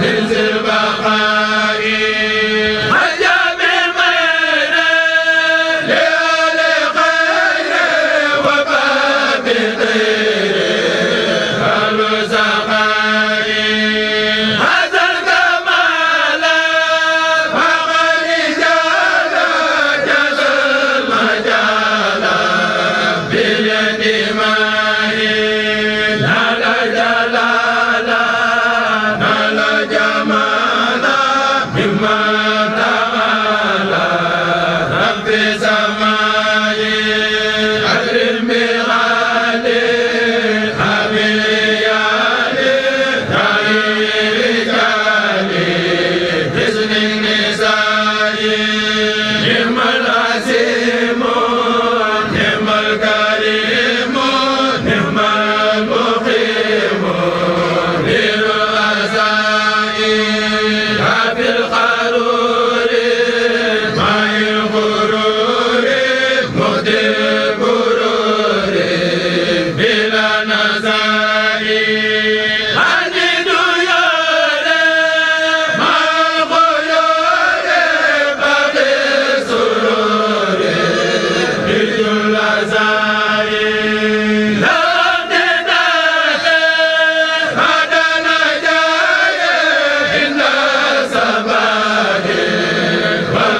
هز البقاء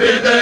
bi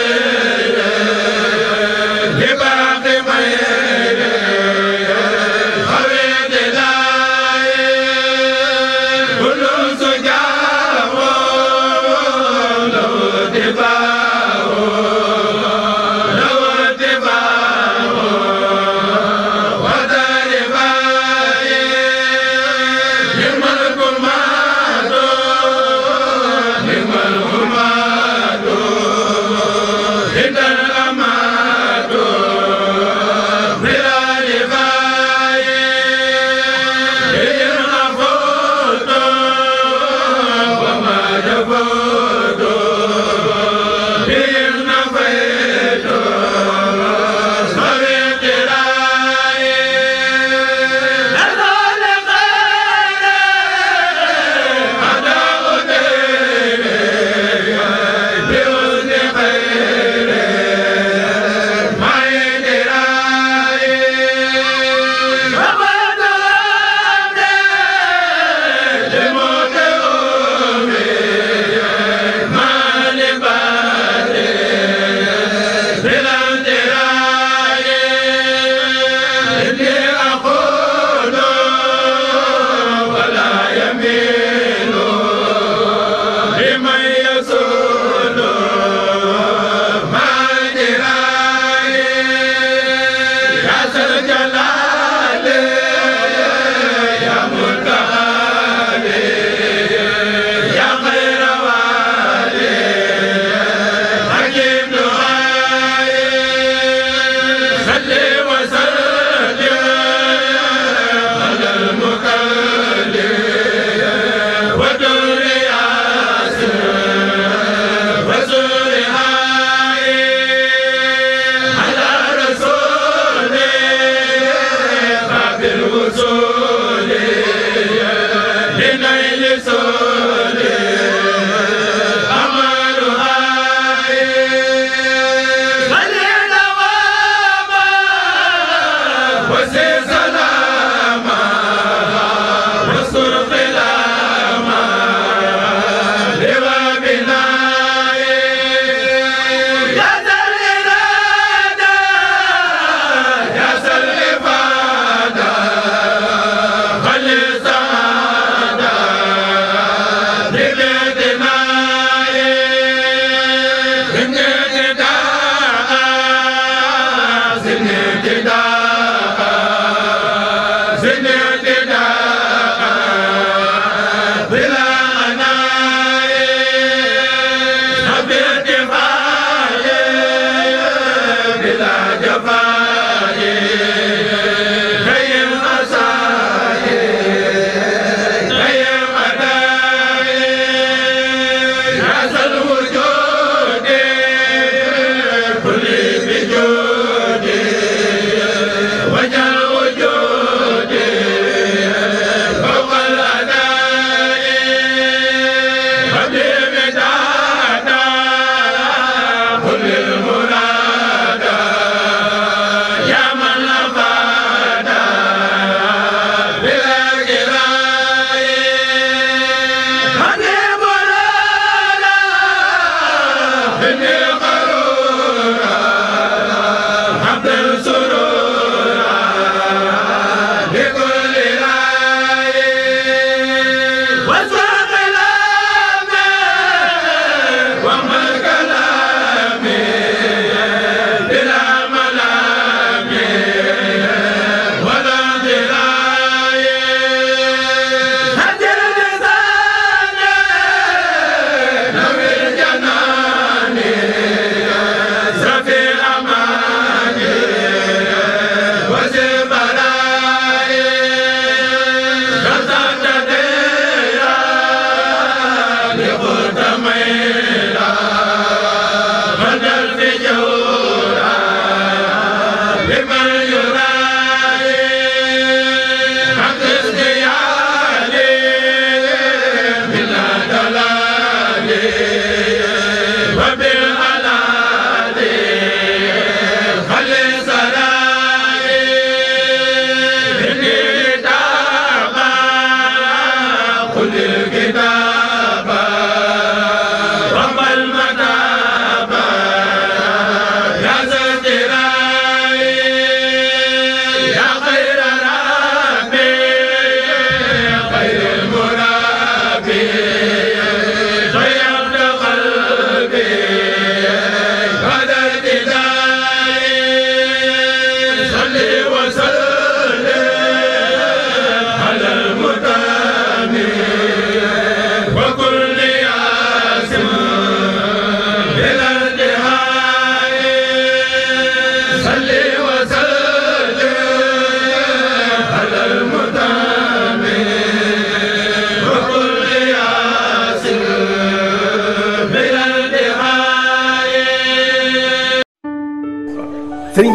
Salam ale